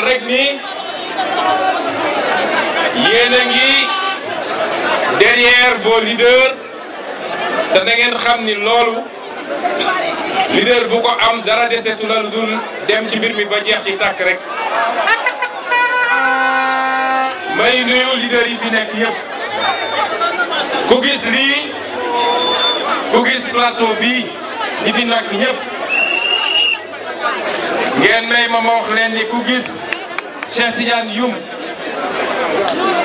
yëgal rek ni yéen a ngi derrière vos leaders te na ngeen xam ni loolu leader bu ko am dara desetu la lu dul dem ci mbir mi ba jeex ci tàkk rek may nuyu leader yi fi nekk yëpp ku gis lii ku gis plateau bii ñi fi nekk ñëpp ngeen may ma ma wax leen ni ku gis Cheikh Tidiane Youm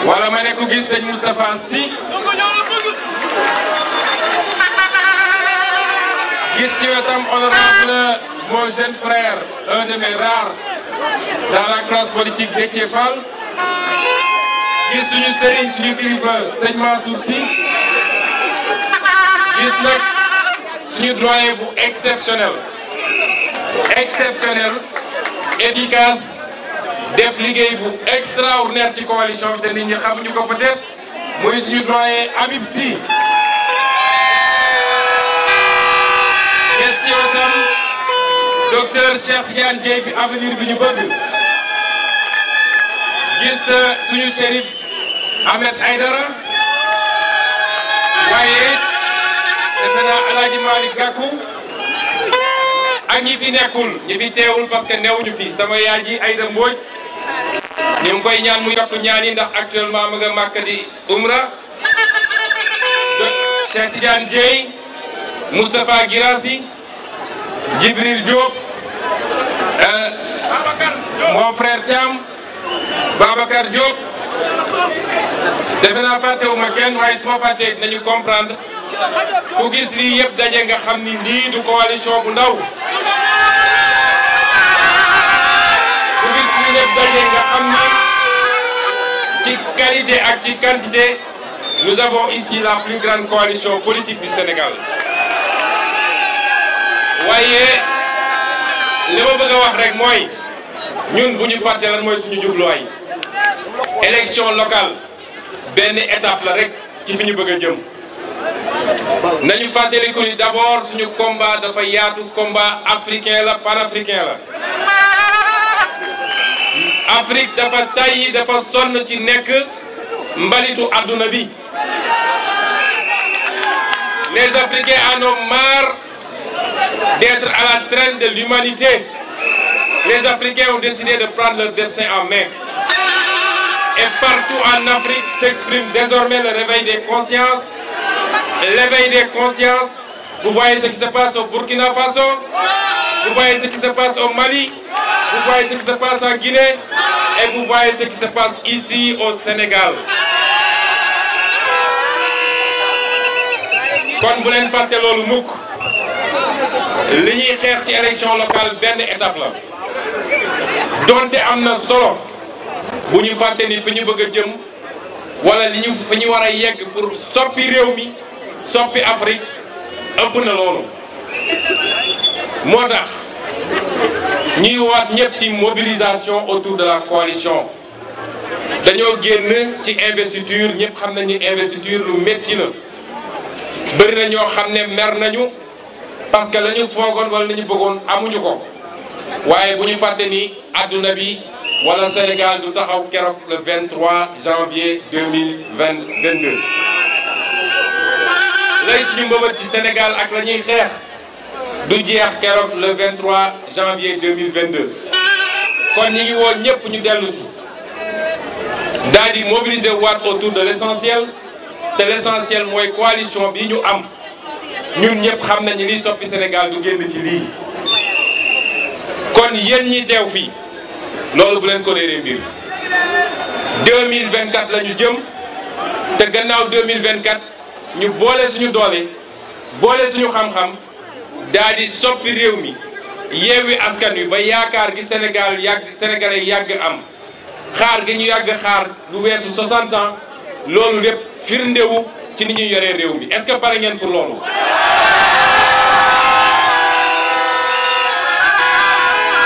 wala ma ne ku gis sëñ Moustapha Sy gis ci wetam honorable mon jeune frère un de mes dans la classe politique Déthié Fall gis suñu sëriñ suñu kilifa sëñ Mansour Sy gis nag suñu doyen bu exceptionnel exceptionnel efficace def liggéey bu extraordinaire ci coalition bi te nit ñi xamuñu ko peut-être muy suñu doyen Habib Sy. question tam docteur Cheikh Tidiane Dièye bi avenir bi ñu bëgg gis suñu shérif Ahmed Aïdara waaye defe naa El Hadj Malick ak ñi fi nekkul ñi fi teewul parce que newuñu fi sama yaay ji Aïda Mbodj. ñu koy ñaan mu yokk ñaan ndax actuellement mu nga màkk di umra Cheikh Tidiane Dieye Moustapha Girassi Djibril Diop euh, mon frère Thiam Babacar Diop defe naa fàttewuma kenn waaye su ma fàttee dinañu comprendre ku gis lii yëpp daje nga xam ni lii du coalition bu ndaw lépp daje nga xam ne ci qualité ak ci quantité nous avons ici la plus grande coalition politique du Sénégal waaye li ma bëgg a wax rek mooy ñun bu ñu fàtte lan mooy suñu jubluwaay élection locale benn étape la rek ci fi ñu bëgg a jëm nañu fàttaliku ni d'abord suñu combat dafa yaatu combat africain la panafricain la Afrique dafa tàyyi dafa sonn ci nekk mbalitu àdduna bi les Africains en ont marre d'être à la traîne de l'humanité les Africains ont décidé de prendre leur destin en main et partout en Afrique s'exprime désormais le réveil des des consciences vous voyez ce qui se passe au Burkina Faso vous voyez ce qui se passe au Mali vous voyez ce qui se passe en Guinée et vous voyez ce qui se passe ici kon bu leen fàtte loolu mukk li ñuy xeex ci élection locale benn étape la donte am na solo bu ñu fàtte ni fi ñu bëgg a jëm wala fi ñu war a yegg pour soppi réew mi soppi Afrique ëpp na loolu moo tax ñuy waat ñëpp ci mobilisation autour de la coalition dañoo génn ci investiture ñëpp xam nañu investiture lu métti na bëri na ñoo xam ne mer nañu parce que la ñu foogoon wala la bëggoon amuñu ko waaye bu ñu fàtte ni àdduna bi walla Sénégal du taxaw keroog le 23 janvier 2022 lay suñu mbëbët ci Sénégal ak la ñuy xeex du jeex keroog le 23 janvier 2022 kon ñi ngi woon ñëpp ñu dellu si daal di mobiliser waat autour de l' essentiel te l' essentiel mooy coalition bi ñu am ñun ñëpp xam nañu liy soppi Sénégal du génn ci lii kon yéen ñi teew fii loolu bu leen ko réeree mbir 2024 la ñu jëm te gannaaw 2024 ñu boole suñu doole boole suñu xam-xam. daa di soppi réew mi yeewi askan wi ba yaakaar gi Sénégal yàgg sénégalais yàgg am xaar gi ñu yàgg xaar lu weesu 60 ans loolu lépp firndewu ci ni ñu yoree réew mi est-ce que pare ngeen pour loolu.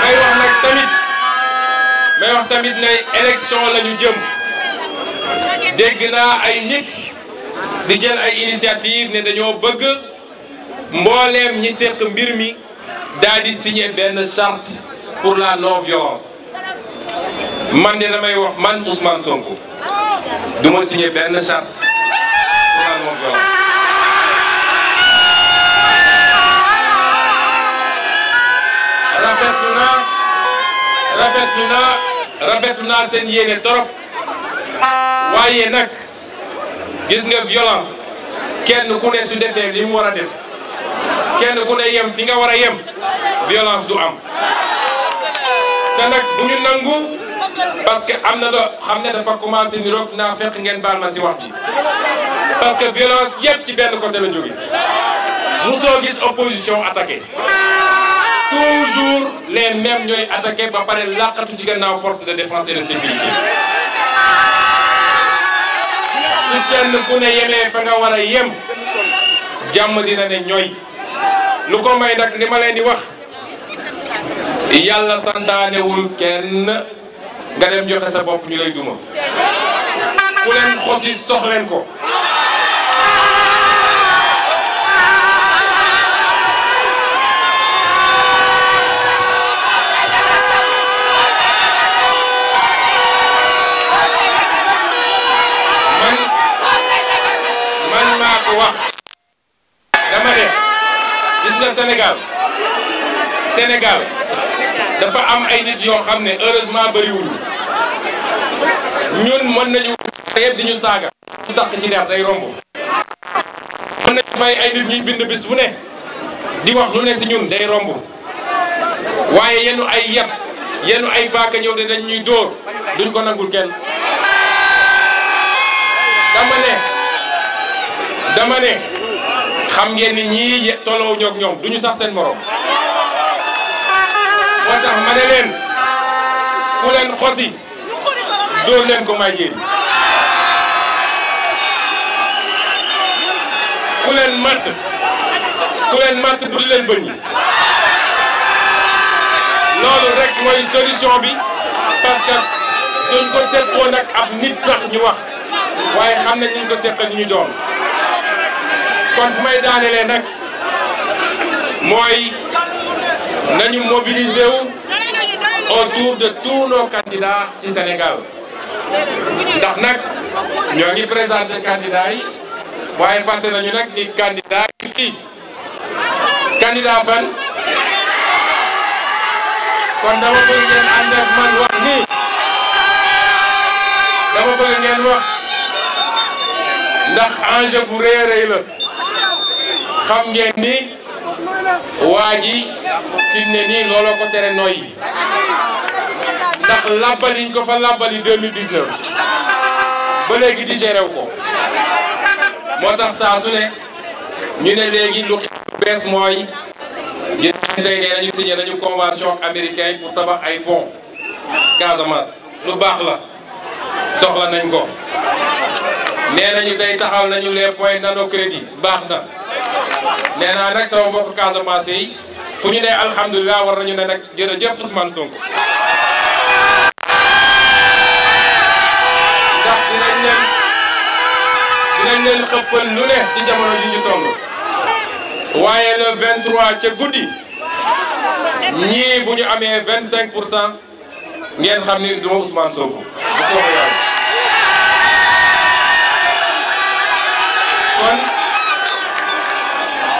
may wax nag tamit may wax tamit ne élection la ñu jëm dégg naa ay nit di jël ay initiative ne dañoo bëgg. mbooleem ñi seq mbir mi daal di signé benn charte pour la non violence man de damay wax man Ousmane Sonko du ma signé benn charte pour la non violence. rafetlu naa rafetlu naa naa seen yéene torop waaye nag gis nga violence kenn ku ne su defee li mu war a def. kenn ku ne yem fi nga war a yem violence du am te nag bu ñu nangu parce que am na do xam ne dafa commencé ni roog naa fekk ngeen baal ma si wax ji parce que violence yëpp ci benn côté la jóge musoo gis opposition attaqué toujours les mêmes ñooy attaqué ba pare làqatu ci gannaaw force de défense et de kenn ku ne yemee fa nga war yem jàmm dina ne ñooy lu ko may nag li ma leen di wax yàlla santaanewul kenn nga dem joxe sa bopp ñu lay duma ku leen xosi sox leen ko nga Sénégal Sénégal dafa am ay nit yoo xam ne heureusement bëriwul ñun mën nañu yëpp di ñu saaga ñu ci leer day romb mën nañu fay ay nit ñuy bind bis bu ne di wax lu ne si ñun day romb waaye yenu ay yet yenu ay paaka ñëw de dañ dóor duñ ko nagul kenn dama ne dama ne xam ngeen ni ñii tolloo ñoog ñoom duñu sax seen morom moo tax ma ne leen ku leen xosi dóor leen ko may jéem ku leen matt ku leen matt du leen bëñi loolu rek mooy solution bi parce suñ ko seqoon ak ab nit sax ñu wax waaye xam ne ñu ko seqal ñu doon. kon fu may daanelee nag mooy nañu mobiliser wu autour de tous nos candidats ci Sénégal ndax nag ñoo ngi présenter candidats yi waaye fàtte nañu nag ni candidat yi fii candidat fan kon dama bëgg ngeen ànd ak man wax ndax enjeu bu a rëy la xam ngeen ni waa ji fi mu ne nii looloo ko tere noyyi ndax làbbaliñ ko fa làbbali 2019 ba léegi di ko moo tax saa su ne ñu ne léegi lu bees mooy gis ngeen tey nee nañu signé nañu convention ak pour tabax ay pont Casamance lu baax la soxla nañ ko nee nañu tey taxaw nañu les points nano crédit baax na. nee naa nag sama mbokk Casamance yi fu ñu nee alhamdulilah war nañu ne nag jërëjëf Ousmane Sonko. ndax dinañ leen dinañ leen xëppal lu ne ci jamono ji ñu toll. waaye le ca guddi ñii bu ñu amee pour cent ngeen xam ni duma Ousmane Sonko.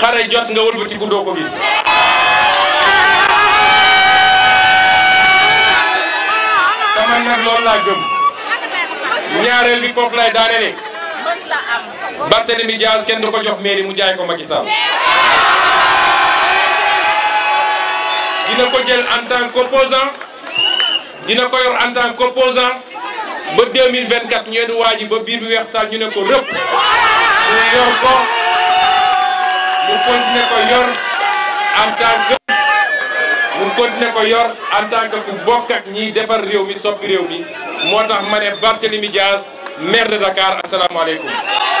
xare jot nga wëlbatiku doo ko gis. dama nag loolu laa gëm ñaareel bi foofu lay daanele Barthélémy Dias kenn du ko jox mairie mu jaay ko Macky dina ko jël en tant dina ko yor en tant qu'opposant mille 2024 ñu ne du waa ba biir bi weex taal ñu ne ko rëpp ñu yor ko. continuer ko yor en tant que mu ko yor en tant que ku bokk ak ñiy defar réew mi soppi réew mi moo tax ma ne Barthélémy Dias maire de Dakar asalaamaaleykum